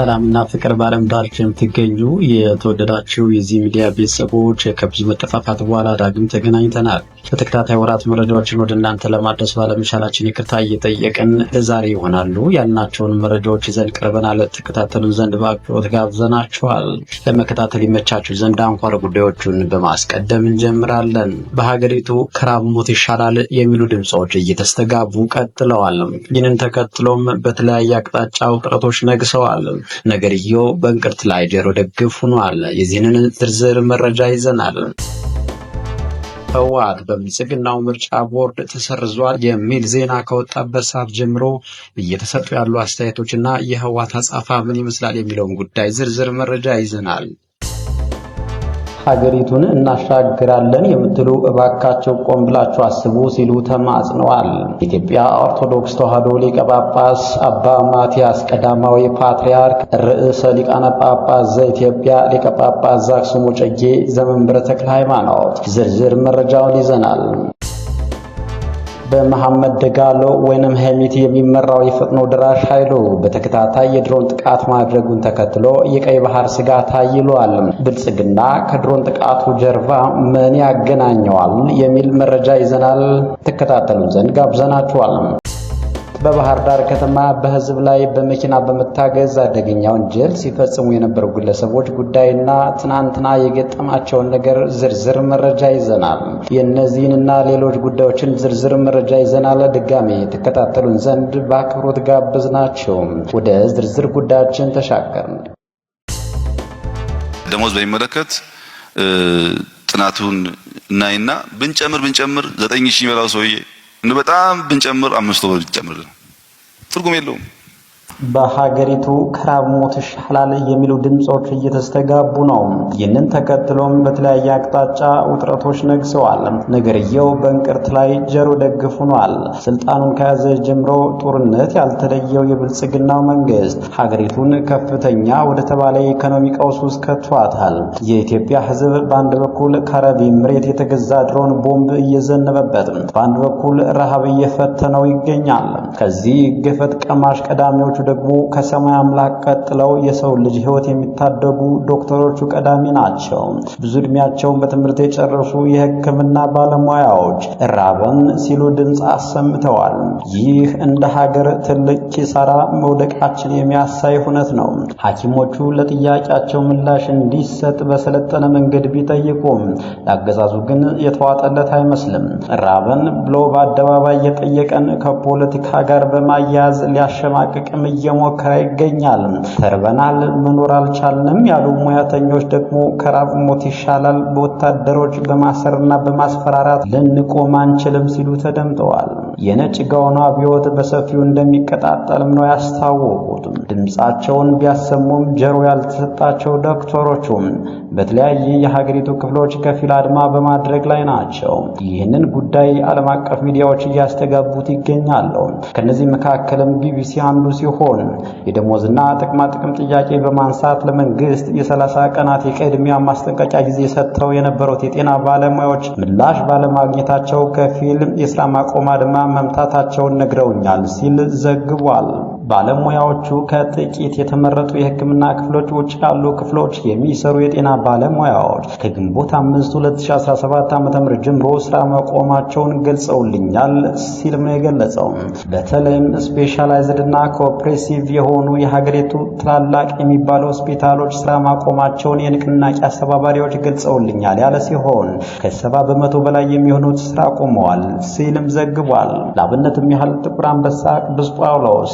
ሰላምና ፍቅር በዓለም ዳርቻ የምትገኙ የተወደዳችሁ የዚህ ሚዲያ ቤተሰቦች ከብዙ መጠፋፋት በኋላ ዳግም ተገናኝተናል። በተከታታይ ወራት መረጃዎችን ወደ እናንተ ለማድረስ ባለመቻላችን ይቅርታ እየጠየቅን ለዛሬ ይሆናሉ ያልናቸውን መረጃዎች ይዘን ቀርበናል። ተከታተሉን ዘንድ በአክብሮት ጋብዘናችኋል። ለመከታተል ይመቻችሁ ዘንድ አንኳር ጉዳዮቹን በማስቀደም እንጀምራለን። በሀገሪቱ ከራብ ሞት ይሻላል የሚሉ ድምፆች እየተስተጋቡ ቀጥለዋል። ይህንን ተከትሎም በተለያየ አቅጣጫ ውጥረቶች ነግሰዋል። ነገርየው በእንቅርት ላይ ጆሮ ደግፍ ሆኗል። የዚህንን ዝርዝር መረጃ ይዘናል። ህወሓት በብልጽግናው ምርጫ ቦርድ ተሰርዟል የሚል ዜና ከወጣበት ሰዓት ጀምሮ እየተሰጡ ያሉ አስተያየቶች እና የህወሓት አጻፋ ምን ይመስላል የሚለውን ጉዳይ ዝርዝር መረጃ ይዘናል። ሀገሪቱን እናሻግራለን የምትሉ እባካቸው ቆም ብላችሁ አስቡ ሲሉ ተማጽነዋል። የኢትዮጵያ ኦርቶዶክስ ተዋሕዶ ሊቀ ጳጳስ አባ ማቲያስ ቀዳማዊ ፓትርያርክ ርዕሰ ሊቃነ ጳጳስ ዘኢትዮጵያ ሊቀ ጳጳስ ዘአክሱም ወዕጨጌ ዘመንበረ ተክለ ሃይማኖት ዝርዝር መረጃውን ይዘናል። በመሐመድ ደጋሎ ወይንም ሄሚት የሚመራው የፈጥኖ ድራሽ ኃይሉ በተከታታይ የድሮን ጥቃት ማድረጉን ተከትሎ የቀይ ባህር ስጋት አይሏል። ብልጽግና ከድሮን ጥቃቱ ጀርባ ምን ያገናኘዋል የሚል መረጃ ይዘናል። ተከታተሉ ዘንድ ጋብዘናችኋል። በባህር ዳር ከተማ በህዝብ ላይ በመኪና በመታገዝ አደገኛ ወንጀል ሲፈጽሙ የነበሩ ግለሰቦች ጉዳይና ትናንትና የገጠማቸውን ነገር ዝርዝር መረጃ ይዘናል። የእነዚህንና ሌሎች ጉዳዮችን ዝርዝር መረጃ ይዘናል። ድጋሜ የተከታተሉን ዘንድ በአክብሮት ጋብዝ ናቸው። ወደ ዝርዝር ጉዳያችን ተሻገርን። ደሞዝ በሚመለከት ጥናቱን እናይና ብንጨምር ብንጨምር ዘጠኝ ሺህ የሚበላው ሰውዬ እንደ በጣም ብንጨምር አምስት ወር ብንጨምር ትርጉም የለውም። በሀገሪቱ ከራብ ሞት ይሻላል የሚሉ ድምፆች እየተስተጋቡ ነው። ይህንን ተከትሎም በተለያየ አቅጣጫ ውጥረቶች ነግሰዋል። ነገርየው በእንቅርት ላይ ጀሮ ደግፍ ሆኗል። ስልጣኑን ከያዘ ጀምሮ ጦርነት ያልተለየው የብልጽግናው መንግስት ሀገሪቱን ከፍተኛ ወደ ተባለ የኢኮኖሚ ቀውስ ውስጥ ከቷታል። የኢትዮጵያ ሕዝብ በአንድ በኩል ከአረብ ኤምሬት የተገዛ ድሮን ቦምብ እየዘነበበት፣ በአንድ በኩል ረሃብ እየፈተነው ይገኛል። ከዚህ ገፈት ቀማሽ ቀዳሚዎቹ ደግሞ ከሰማይ አምላክ ቀጥለው የሰው ልጅ ህይወት የሚታደጉ ዶክተሮቹ ቀዳሚ ናቸው። ብዙ እድሜያቸውን በትምህርት የጨረሱ የህክምና ባለሙያዎች ራበን ሲሉ ድምፅ አሰምተዋል። ይህ እንደ ሀገር ትልቅ ኪሳራ መውደቃችን የሚያሳይ ሁነት ነው። ሐኪሞቹ ለጥያቄያቸው ምላሽ እንዲሰጥ በሰለጠነ መንገድ ቢጠይቁም ለአገዛዙ ግን የተዋጠለት አይመስልም። ራበን ብሎ በአደባባይ የጠየቀን ከፖለቲካ ጋር በማያያዝ ሊያሸማቅቅም እየሞከረ ይገኛል። ተርበናል፣ መኖር አልቻልንም ያሉ ሙያተኞች ደግሞ ከራብ ሞት ይሻላል፣ በወታደሮች በማሰርና በማስፈራራት ልንቆም አንችልም ሲሉ ተደምጠዋል። የነጭ ጋውኑ አብዮት በሰፊው እንደሚቀጣጠልም ነው ያስታወቁት። ድምፃቸውን ቢያሰሙም ጆሮ ያልተሰጣቸው ዶክተሮቹም በተለያየ የሀገሪቱ ክፍሎች ከፊል አድማ በማድረግ ላይ ናቸው። ይህንን ጉዳይ ዓለም አቀፍ ሚዲያዎች እያስተጋቡት ይገኛሉ። ከነዚህ መካከልም ቢቢሲ አንዱ ሲሆን የደሞዝና ጥቅማጥቅም ጥያቄ በማንሳት ለመንግስት የሰላሳ ቀናት የቅድሚያ ማስጠንቀቂያ ጊዜ ሰጥተው የነበሩት የጤና ባለሙያዎች ምላሽ ባለማግኘታቸው ከፊል የስራ ማቆም አድማ መምታታቸውን ነግረውኛል ሲል ዘግቧል። ባለሙያዎቹ ከጥቂት የተመረጡ የሕክምና ክፍሎች ውጭ ያሉ ክፍሎች የሚሰሩ የጤና ባለሙያዎች ከግንቦት 5 2017 ዓ.ም ጀምሮ ስራ መቆማቸውን ገልጸውልኛል ሲልም ነው የገለጸው። በተለይም ስፔሻላይዝድ እና ኮፕሬሲቭ የሆኑ የሀገሪቱ ትላላቅ የሚባሉ ሆስፒታሎች ስራ ማቆማቸውን የንቅናቄ አስተባባሪዎች ገልጸውልኛል ያለ ሲሆን ከሰባ በመቶ በላይ የሚሆኑት ስራ ቆመዋል ሲልም ዘግቧል። ለአብነትም ያህል ጥቁር አንበሳ፣ ቅዱስ ጳውሎስ፣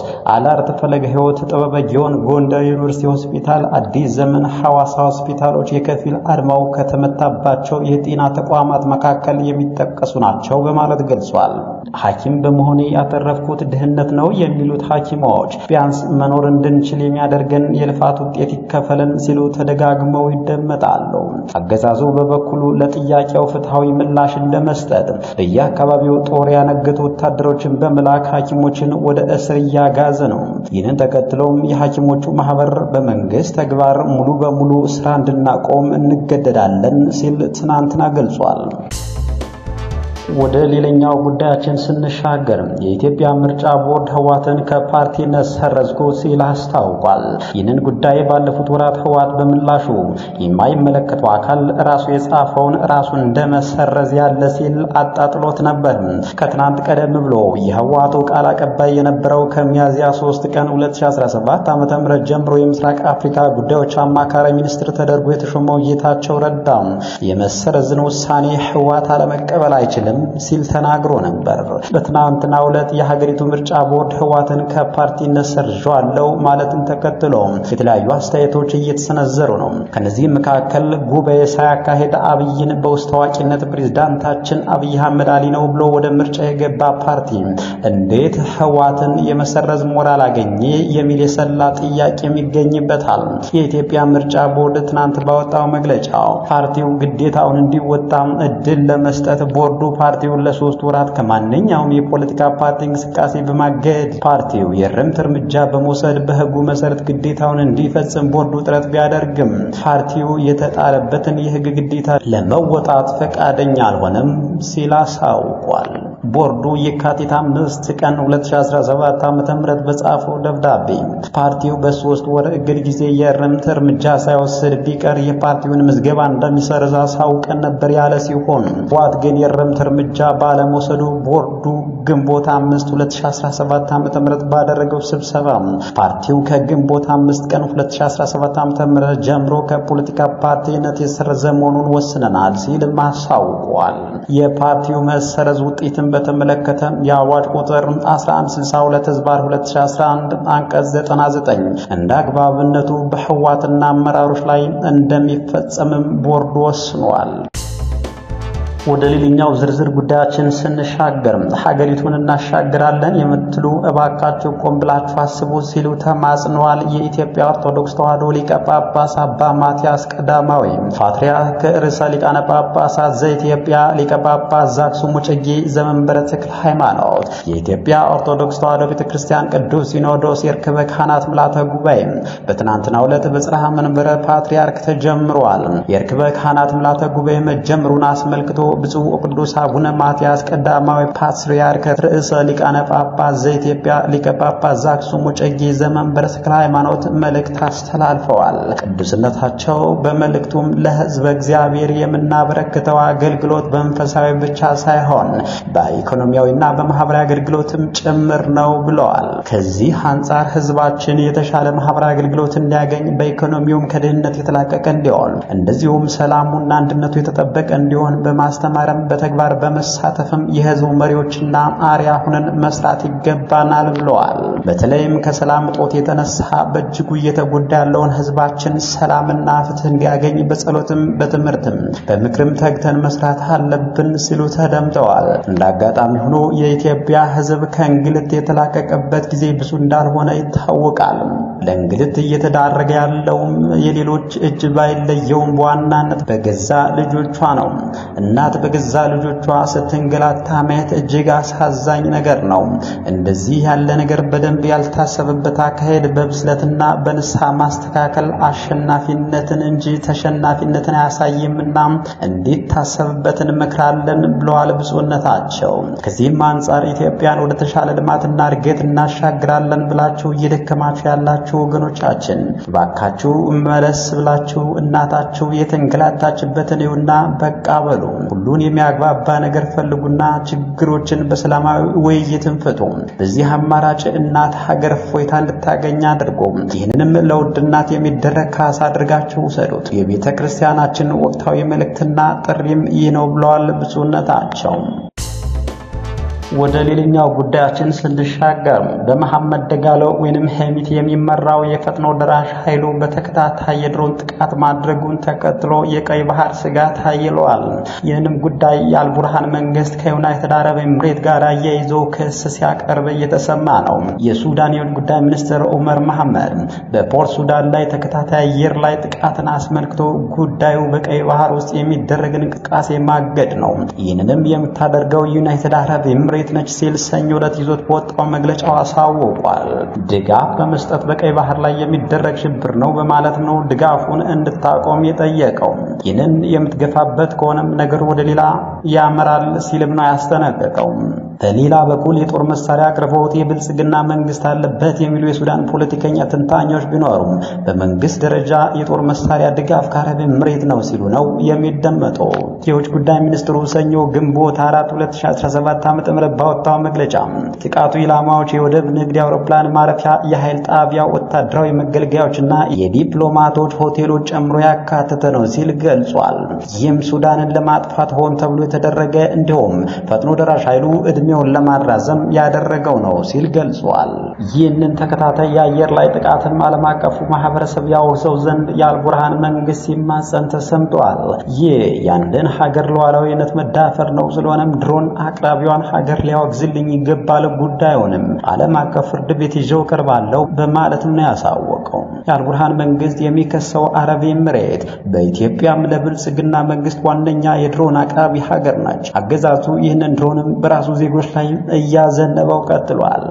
አላርት ፈለገ ህይወት ጥበበ ጊዮን ጎንደር ዩኒቨርሲቲ ሆስፒታል አዲስ ዘመን ሐዋሳ ሆስፒታሎች የከፊል አድማው ከተመታባቸው የጤና ተቋማት መካከል የሚጠቀሱ ናቸው በማለት ገልጿል። ሐኪም በመሆኔ ያተረፍኩት ድህነት ነው የሚሉት ሐኪሞች ቢያንስ መኖር እንድንችል የሚያደርገን የልፋት ውጤት ይከፈለን ሲሉ ተደጋግመው ይደመጣሉ። አገዛዙ በበኩሉ ለጥያቄው ፍትሐዊ ምላሽ እንደመስጠት በየአካባቢው ጦር ያነገቱ ወታደሮችን በመላክ ሐኪሞችን ወደ እስር እያጋዘ ነው። ነው። ይህንን ተከትለውም የሐኪሞቹ ማህበር በመንግስት ተግባር ሙሉ በሙሉ ስራ እንድናቆም እንገደዳለን ሲል ትናንትና ገልጿል። ወደ ሌላኛው ጉዳያችን ስንሻገር የኢትዮጵያ ምርጫ ቦርድ ህዋትን ከፓርቲነት ሰረዝኩ ሲል አስታውቋል። ይህንን ጉዳይ ባለፉት ወራት ህዋት በምላሹ የማይመለከተው አካል ራሱ የጻፈውን ራሱን እንደመሰረዝ ያለ ሲል አጣጥሎት ነበር። ከትናንት ቀደም ብሎ የህዋቱ ቃል አቀባይ የነበረው ከሚያዝያ 3 ቀን 2017 ዓ.ም ጀምሮ የምስራቅ አፍሪካ ጉዳዮች አማካሪ ሚኒስትር ተደርጎ የተሾመው ጌታቸው ረዳ የመሰረዝን ውሳኔ ህዋት አለመቀበል አይችልም የለም ሲል ተናግሮ ነበር። በትናንትና ዕለት የሀገሪቱ ምርጫ ቦርድ ህዋትን ከፓርቲነት ሰርዣዋለሁ ማለትን ተከትሎ የተለያዩ አስተያየቶች እየተሰነዘሩ ነው። ከነዚህም መካከል ጉባኤ ሳያካሄድ አብይን በውስጥ ታዋቂነት ፕሬዝዳንታችን አብይ አህመድ አሊ ነው ብሎ ወደ ምርጫ የገባ ፓርቲ እንዴት ህዋትን የመሰረዝ ሞራል አገኘ የሚል የሰላ ጥያቄም ይገኝበታል። የኢትዮጵያ ምርጫ ቦርድ ትናንት ባወጣው መግለጫ ፓርቲው ግዴታውን እንዲወጣም እድል ለመስጠት ቦርዱ ፓርቲውን ለሶስት ወራት ከማንኛውም የፖለቲካ ፓርቲ እንቅስቃሴ በማገድ ፓርቲው የእርምት እርምጃ በመውሰድ በህጉ መሰረት ግዴታውን እንዲፈጽም ቦርዱ ጥረት ቢያደርግም ፓርቲው የተጣለበትን የህግ ግዴታ ለመወጣት ፈቃደኛ አልሆነም ሲል አሳውቋል። ቦርዱ የካቲት አምስት ቀን 2017 ዓ.ም በጻፈው ደብዳቤ ፓርቲው በሶስት ወር እግድ ጊዜ የእርምት እርምጃ ሳይወስድ ቢቀር የፓርቲውን ምዝገባ እንደሚሰርዝ አሳውቀን ነበር ያለ ሲሆን ህወሓት ግን የእርምት እርምጃ ባለመውሰዱ ቦርዱ ግንቦት 5 2017 ዓ.ም ባደረገው ስብሰባ ፓርቲው ከግንቦት 5 ቀን 2017 ዓ.ም ጀምሮ ከፖለቲካ ፓርቲነት የሰረዘ መሆኑን ወስነናል ሲል አሳውቋል። የፓርቲው መሰረዝ ውጤትን በተመለከተ የአዋጅ ቁጥር 1162 ህዝባር 2011 አንቀጽ 99 እንደ አግባብነቱ በህዋትና አመራሮች ላይ እንደሚፈጸምም ቦርዱ ወስኗል። ወደ ሌላኛው ዝርዝር ጉዳያችን ስንሻገር ሀገሪቱን እናሻግራለን የምትሉ እባካችሁ ቆም ብላችሁ አስቡ ሲሉ ተማጽነዋል። የኢትዮጵያ ኦርቶዶክስ ተዋሕዶ ሊቀ ጳጳስ አባ ማትያስ ቀዳማዊ ፓትርያርክ ርዕሰ ሊቃነ ጳጳሳት ዘኢትዮጵያ ሊቀ ጳጳስ ዘአክሱም ወዕጨጌ ዘመንበረ ተክለ ሃይማኖት የኢትዮጵያ ኦርቶዶክስ ተዋሕዶ ቤተ ክርስቲያን ቅዱስ ሲኖዶስ የርክበ ካህናት ምልዓተ ጉባኤ በትናንትናው ዕለት በጽርሐ መንበረ ፓትርያርክ ተጀምሯል። የርክበ ካህናት ምልዓተ ጉባኤ መጀመሩን አስመልክቶ ብፁዕ ወቅዱስ አቡነ ማትያስ ቀዳማዊ ፓትርያርክ ርዕሰ ሊቃነ ጳጳስ ዘኢትዮጵያ ሊቀ ጳጳስ ዘአክሱም ወዕጨጌ ዘመንበረ ተክለ ሃይማኖት መልእክት አስተላልፈዋል። ቅዱስነታቸው በመልእክቱም ለሕዝበ እግዚአብሔር የምናበረክተው አገልግሎት በመንፈሳዊ ብቻ ሳይሆን በኢኮኖሚያዊና በማህበራዊ አገልግሎትም ጭምር ነው ብለዋል። ከዚህ አንጻር ሕዝባችን የተሻለ ማህበራዊ አገልግሎት እንዲያገኝ በኢኮኖሚውም ከድህነት የተላቀቀ እንዲሆን እንደዚሁም ሰላሙና አንድነቱ የተጠበቀ እንዲሆን በማስተ በማስተማርም በተግባር በመሳተፍም የህዝቡ መሪዎችና አርያ ሁነን መስራት ይገባናል ብለዋል። በተለይም ከሰላም እጦት የተነሳ በእጅጉ እየተጎዳ ያለውን ህዝባችን ሰላምና ፍትህ እንዲያገኝ በጸሎትም በትምህርትም በምክርም ተግተን መስራት አለብን ሲሉ ተደምጠዋል። እንደ አጋጣሚ ሆኖ የኢትዮጵያ ህዝብ ከእንግልት የተላቀቀበት ጊዜ ብዙ እንዳልሆነ ይታወቃል። ለእንግልት እየተዳረገ ያለውም የሌሎች እጅ ባይለየውም በዋናነት በገዛ ልጆቿ ነው። እናት በገዛ ልጆቿ ስትንገላታ ማየት እጅግ አሳዛኝ ነገር ነው። እንደዚህ ያለ ነገር በደንብ ያልታሰበበት አካሄድ በብስለትና በንስሐ ማስተካከል አሸናፊነትን እንጂ ተሸናፊነትን አያሳይምና እንዲታሰብበትን እንመክራለን ብለዋል ብፁዕነታቸው። ከዚህም አንጻር ኢትዮጵያን ወደ ተሻለ ልማትና እድገት እናሻግራለን ብላችሁ እየደከማችሁ ያላችሁ ወገኖቻችን ባካችሁ መለስ ብላችሁ እናታችሁ የተንገላታችበትን ይሁና በቃ በሉ። ሁሉን የሚያግባባ ነገር ፈልጉና ችግሮችን በሰላማዊ ውይይትን ፍቱ። በዚህ አማራጭ እናት ሀገር እፎይታ እንድታገኝ አድርጎ ይህንንም ለውድ እናት የሚደረግ ካሳ አድርጋችሁ ውሰዱት። የቤተ ክርስቲያናችን ወቅታዊ መልእክትና ጥሪም ይህ ነው ብለዋል ብፁዕነታቸው። ወደ ሌላኛው ጉዳያችን ስንሻገር በመሐመድ ደጋሎ ወይንም ሄሚቲ የሚመራው የፈጥኖ ደራሽ ኃይሉ በተከታታይ የድሮን ጥቃት ማድረጉን ተከትሎ የቀይ ባህር ስጋት አይሏል። ይህንም ጉዳይ የአልቡርሃን መንግስት ከዩናይትድ አረብ ኤምሬት ጋር አያይዞ ክስ ሲያቀርብ እየተሰማ ነው። የሱዳን የውጭ ጉዳይ ሚኒስትር ኡመር መሐመድ በፖርት ሱዳን ላይ ተከታታይ አየር ላይ ጥቃትን አስመልክቶ ጉዳዩ በቀይ ባህር ውስጥ የሚደረግ እንቅስቃሴ ማገድ ነው። ይህንንም የምታደርገው ዩናይትድ አረብ ኤምሬት ውጤት ነች ሲል ሰኞ ዕለት ይዞት በወጣው መግለጫው አሳውቋል። ድጋፍ በመስጠት በቀይ ባህር ላይ የሚደረግ ሽብር ነው በማለት ነው ድጋፉን እንድታቆም የጠየቀው። ይህንን የምትገፋበት ከሆነም ነገር ወደ ሌላ ያመራል ሲልም ነው ያስጠነቀቀው። በሌላ በኩል የጦር መሳሪያ አቅርቦት የብልጽግና መንግስት አለበት የሚሉ የሱዳን ፖለቲከኛ ትንታኞች ቢኖሩም በመንግስት ደረጃ የጦር መሳሪያ ድጋፍ ከአረብ ምሬት ነው ሲሉ ነው የሚደመጠው። የውጭ ጉዳይ ሚኒስትሩ ሰኞ ግንቦት 4 2017 ዓ.ም ባወጣው መግለጫ ጥቃቱ ኢላማዎች የወደብ ንግድ፣ የአውሮፕላን ማረፊያ፣ የኃይል ጣቢያ፣ ወታደራዊ መገልገያዎችና የዲፕሎማቶች ሆቴሎች ጨምሮ ያካተተ ነው ሲል ገልጿል። ይህም ሱዳንን ለማጥፋት ሆን ተብሎ የተደረገ እንዲሁም ፈጥኖ ደራሽ ኃይሉ እድሜውን ለማራዘም ያደረገው ነው ሲል ገልጿል። ይህንን ተከታታይ የአየር ላይ ጥቃትም ዓለም አቀፉ ማህበረሰብ ያወግዘው ዘንድ የአልቡርሃን መንግስት ሲማጸን ተሰምቷል። ይህ የአንድን ሀገር ሉዓላዊነት መዳፈር ነው። ስለሆነም ድሮን አቅራቢዋን ሀገር ሊያወግዝልኝ ይገባል ጉዳዩንም ዓለም አቀፍ ፍርድ ቤት ይዤው ቀርባለሁ በማለትም ነው ያሳወቀው። የአልቡርሃን መንግስት የሚከሰው አረብ ኤምሬት በኢትዮጵያም ለብልጽግና መንግስት ዋነኛ የድሮን አቅራቢ ሀገር ናች። አገዛዙ ይህንን ድሮንም በራሱ ዜጎች ላይ እያዘነበው ቀጥሏል።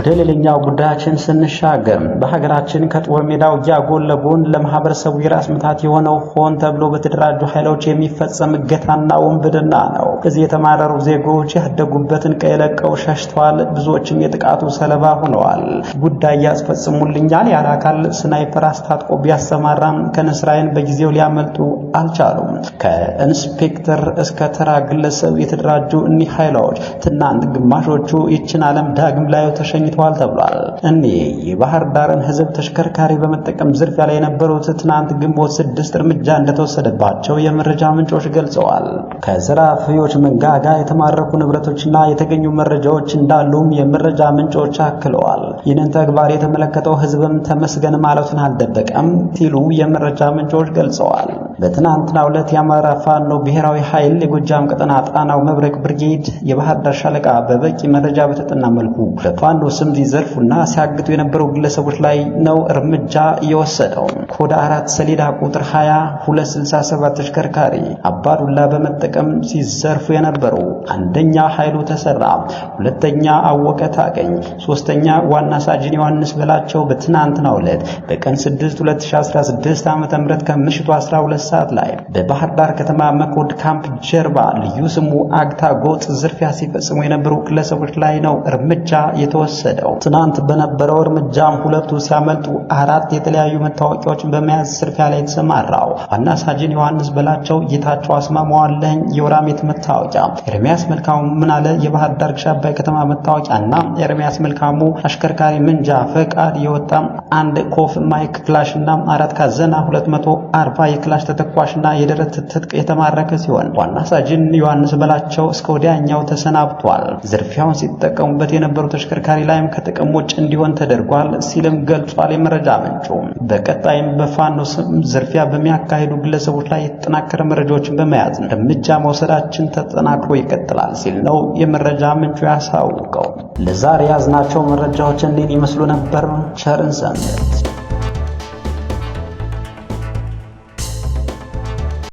ወደ ሌላኛው ጉዳያችን ስንሻገር በሀገራችን ከጦር ሜዳው ውጊያ ጎን ለጎን ለማህበረሰቡ የራስ ምታት የሆነው ሆን ተብሎ በተደራጁ ኃይሎች የሚፈጸም እገታና ውንብድና ነው። እዚህ የተማረሩ ዜጎች ያደጉበትን ቀይ ለቀው ሸሽተዋል። ብዙዎችም የጥቃቱ ሰለባ ሆነዋል። ጉዳይ ያስፈጽሙልኛል ያለ አካል ስናይፐር አስታጥቆ ቢያሰማራም ከንስራይን በጊዜው ሊያመልጡ አልቻሉም። ከኢንስፔክተር እስከ ተራ ግለሰብ የተደራጁ እኒህ ኃይሎች ትናንት ግማሾቹ ይችን ዓለም ዳግም ላይ ተሸኝ ተለይተዋል ተብሏል። እኔ የባህር ዳርን ህዝብ ተሽከርካሪ በመጠቀም ዝርፊያ ላይ የነበሩት ትናንት ግንቦት ስድስት እርምጃ እንደተወሰደባቸው የመረጃ ምንጮች ገልጸዋል። ከዘራፊዎች መንጋጋ የተማረኩ ንብረቶችና የተገኙ መረጃዎች እንዳሉም የመረጃ ምንጮች አክለዋል። ይህንን ተግባር የተመለከተው ህዝብም ተመስገን ማለቱን አልደበቀም ሲሉ የመረጃ ምንጮች ገልጸዋል። በትናንትና ሁለት የአማራ ፋኖ ብሔራዊ ኃይል የጎጃም ቀጠና ጣናው መብረቅ ብርጌድ የባህር ዳር ሻለቃ በበቂ መረጃ በተጠና መልኩ ለፋኖ ንጉስም ሲዘርፉና ሲያግቱ የነበሩ ግለሰቦች ላይ ነው እርምጃ የወሰደው። ኮድ አራት ሰሌዳ ቁጥር 20 267 ተሽከርካሪ አባዱላ በመጠቀም ሲዘርፉ የነበሩ አንደኛ ኃይሉ ተሰራ፣ ሁለተኛ አወቀ ታገኝ፣ ሶስተኛ ዋና ሳጅን ዮሐንስ በላቸው በትናንትናው ዕለት በቀን 6 2016 ዓ.ም ከምሽቱ 12 ሰዓት ላይ በባህር ዳር ከተማ መኮድ ካምፕ ጀርባ ልዩ ስሙ አግታ ጎጥ ዝርፊያ ሲፈጽሙ የነበሩ ግለሰቦች ላይ ነው እርምጃ የተወሰደው። ወሰደው። ትናንት በነበረው እርምጃም ሁለቱ ሲያመልጡ አራት የተለያዩ መታወቂያዎችን በመያዝ ዝርፊያ ላይ የተሰማራው ዋና ሳጅን ዮሐንስ በላቸው ጌታቸው አስማማዋለኝ የወራሜት መታወቂያ፣ ኤርሚያስ መልካሙ ምናለ የባህር ዳር ግሽ አባይ ከተማ መታወቂያ እና ኤርሚያስ መልካሙ አሽከርካሪ ምንጃ ፈቃድ የወጣ አንድ ኮፍ ማይክ ክላሽ እና አራት ካዘና 240 የክላሽ ተተኳሽ እና የደረት ትጥቅ የተማረከ ሲሆን ዋና ሳጅን ዮሐንስ በላቸው እስከ ወዲያኛው ተሰናብቷል። ዝርፊያውን ሲጠቀሙበት የነበሩ ተሽከርካሪ ላይም ከጥቅም ውጭ እንዲሆን ተደርጓል ሲልም ገልጿል። የመረጃ ምንጩ በቀጣይም በፋኖ ስም ዝርፊያ በሚያካሂዱ ግለሰቦች ላይ የተጠናከረ መረጃዎችን በመያዝ እርምጃ መውሰዳችን ተጠናክሮ ይቀጥላል ሲል ነው የመረጃ ምንጩ ያሳውቀው። ለዛሬ ያዝናቸው መረጃዎች እኔን ይመስሉ ነበር። ቸርን ሰንበት